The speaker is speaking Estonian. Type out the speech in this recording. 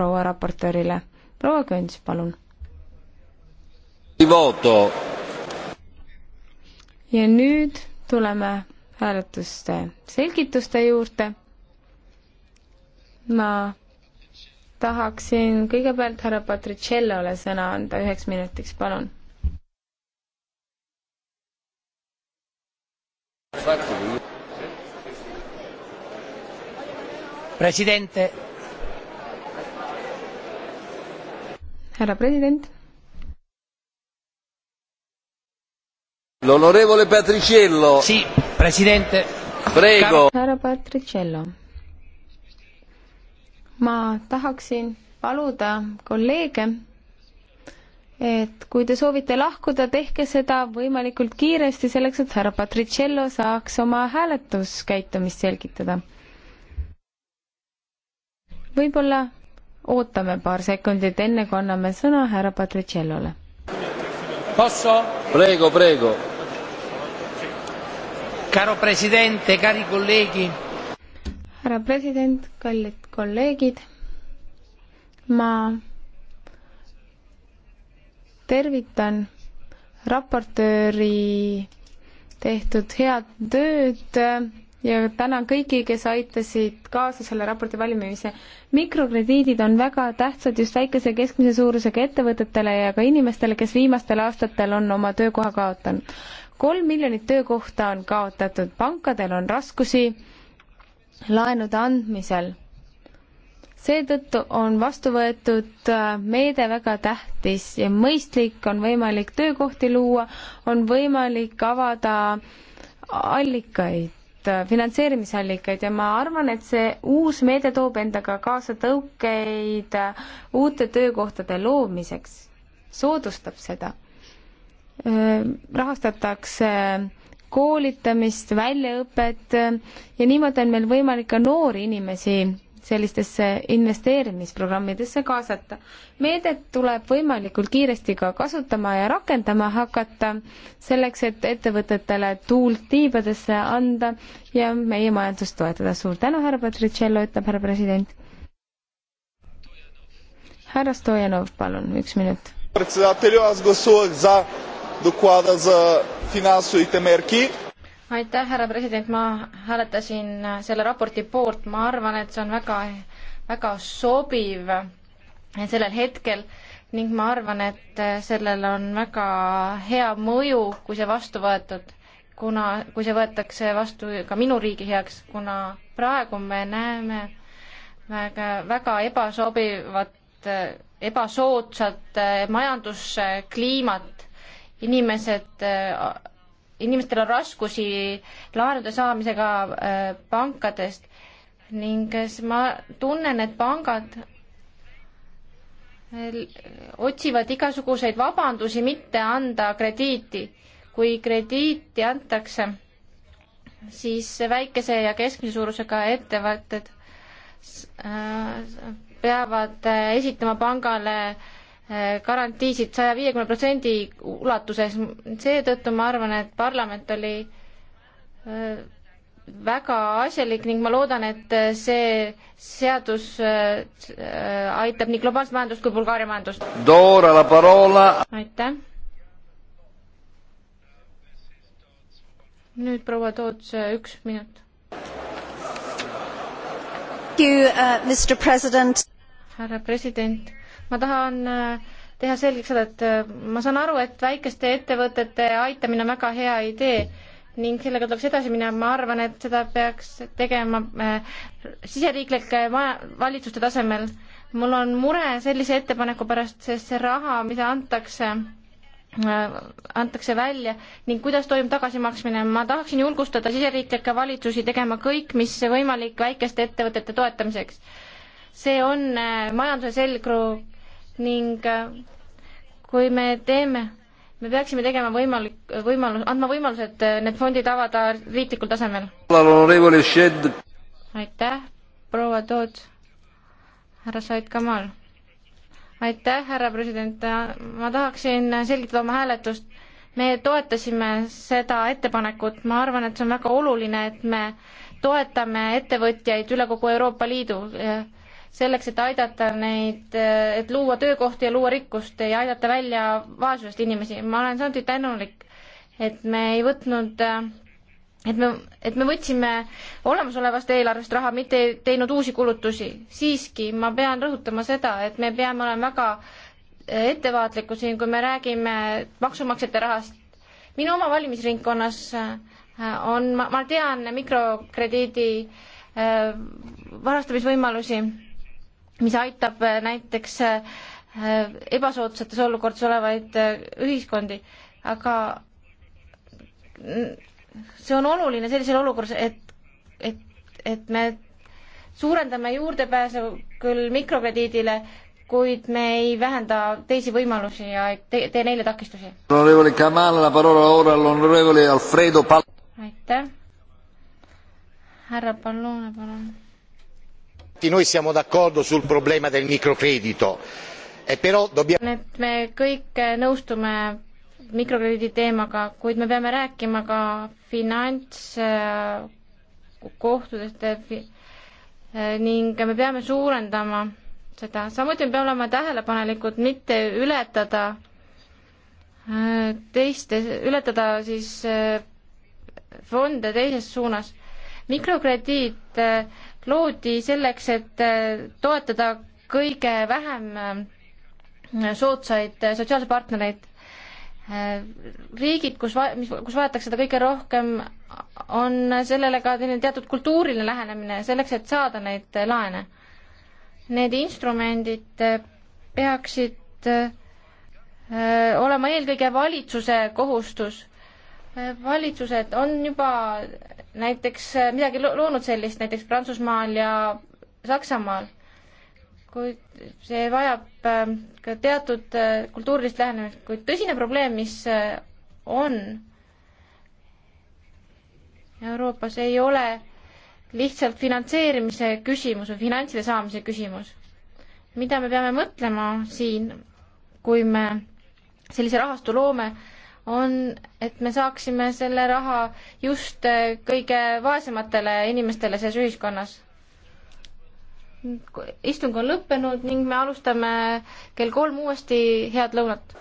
proua raportöörile. proua Köns, palun. ja nüüd tuleme hääletuste selgituste juurde. ma tahaksin kõigepealt härra Patricellole sõna anda üheks minutiks, palun. presidente härra president. L'onorevole Patriciello. Sì, presidente. Prego. härra Patriciello. ma tahaksin paluda kolleege, et kui te soovite lahkuda, tehke seda võimalikult kiiresti, selleks et härra Patriciello saaks oma hääletuskäitumist selgitada. võib-olla ootame paar sekundit, enne kui anname sõna härra Patricellole. Prego, prego. Caro presidente, cari colleghi. härra president, kallid kolleegid, ma tervitan raportööri tehtud head tööd ja tänan kõiki, kes aitasid kaasa selle raporti valmimise. mikrokrediidid on väga tähtsad just väikese ja keskmise suurusega ettevõtetele ja ka inimestele, kes viimastel aastatel on oma töökoha kaotanud. kolm miljonit töökohta on kaotatud, pankadel on raskusi laenude andmisel. seetõttu on vastu võetud äh, meede väga tähtis ja mõistlik, on võimalik töökohti luua, on võimalik avada allikaid Äh, finantseerimisallikaid ja ma arvan, et see uus meede toob endaga kaasa tõukeid äh, uute töökohtade loomiseks, soodustab seda. Äh, rahastatakse koolitamist, väljaõpet ja niimoodi on meil võimalik ka noori inimesi sellistesse investeerimisprogrammidesse kaasata. meedet tuleb võimalikult kiiresti ka kasutama ja rakendama hakata, selleks et ettevõtetele tuult tiibadesse anda ja meie majandust toetada. suur tänu, härra Patricello, ütleb härra president. härra Stojanov, palun, üks minut. председателю аз гласувах за доклада за финансовите мерки aitäh, härra president, ma hääletasin selle raporti poolt, ma arvan, et see on väga, väga sobiv sellel hetkel ning ma arvan, et sellel on väga hea mõju, kui see vastu võetud, kuna, kui see võetakse vastu ka minu riigi heaks, kuna praegu me näeme väga, väga ebasobivat, ebasoodsat majanduskliimat, inimesed inimestel on raskusi laenude saamisega äh, pankadest ning ma tunnen, et pangad äh, otsivad igasuguseid vabandusi mitte anda krediiti. kui krediiti antakse, siis väikese ja keskmise suurusega ettevõtted äh, peavad esitama pangale äh, garantiisid saja viiekümne protsendi ulatuses, seetõttu ma arvan, et parlament oli äh, väga asjalik ning ma loodan, et äh, see seadus äh, aitab nii globaalset majandust kui Bulgaaria majandust. aitäh. nüüd proua Toots, üks minut. Uh, härra president ma tahan äh, teha selgeks seda, et äh, ma saan aru, et väikeste ettevõtete aitamine on väga hea idee ning sellega tuleks edasi minna, ma arvan, et seda peaks tegema äh, siseriiklike valitsuste tasemel. mul on mure sellise ettepaneku pärast, sest see raha, mida antakse, antakse välja ning kuidas toimub tagasimaksmine. ma tahaksin julgustada siseriiklikke valitsusi tegema kõik, mis võimalik väikeste ettevõtete toetamiseks. see on majanduse selgroog ning äh, kui me teeme, me peaksime tegema võimalik, võimalus, andma võimalused äh, need fondid avada riiklikul tasemel. aitäh, proua Toots, härra Said Kamal. aitäh, härra president, äh, ma tahaksin selgitada oma hääletust. me toetasime seda ettepanekut, ma arvan, et see on väga oluline, et me toetame ettevõtjaid üle kogu Euroopa Liidu selleks, et aidata neid, et luua töökohti ja luua rikkust ja aidata välja vaesusest inimesi. ma olen samuti tänulik, et me ei võtnud et me, et me võtsime olemasolevast eelarvest raha, mitte ei teinud uusi kulutusi. siiski ma pean rõhutama seda, et me peame olema väga ettevaatlikud siin, kui me räägime maksumaksjate rahast. minu oma valimisringkonnas äh, on, ma, ma tean mikrokrediidi äh, varastamisvõimalusi mis aitab äh, näiteks äh, äh, ebasoodsates olukordades olevaid ühiskondi, aga see on oluline sellises olukorras, et, et, et me suurendame juurdepääsu küll mikrokrediidile, kuid me ei vähenda teisi võimalusi ja ei te, tee neile takistusi. aitäh. härra Pallone, palun tutti noi siamo d'accordo sul problema del microcredito eh, però dobbiamo et me kõik eh, nõustume mikrokrediidi teemaga, kuid me peame rääkima ka finantskohtadest eh, ning me peame suurendama seda, samuti me peame olema tähelepanelikud, mitte ületada teiste, ületada siis fonde teises suunas. mikrokrediit äh, loodi selleks, et äh, toetada kõige vähem äh, soodsaid äh, sotsiaalseid partnereid. riigid, kus va-, mis, kus vajatakse seda kõige rohkem, on sellele ka selline teatud kultuuriline lähenemine selleks, et saada neid laene. Need instrumendid peaksid olema eelkõige valitsuse kohustus valitsused on juba näiteks äh, midagi loonud sellist näiteks Prantsusmaal ja Saksamaal, kuid see vajab äh, ka teatud äh, kultuurilist lähenemist, kuid tõsine probleem, mis on Euroopas, ei ole lihtsalt finantseerimise küsimus või finantside saamise küsimus. mida me peame mõtlema siin, kui me sellise rahastu loome, on, et me saaksime selle raha just äh, kõige vaesematele inimestele selles ühiskonnas. istung on lõppenud ning me alustame kell kolm uuesti, head lõunat!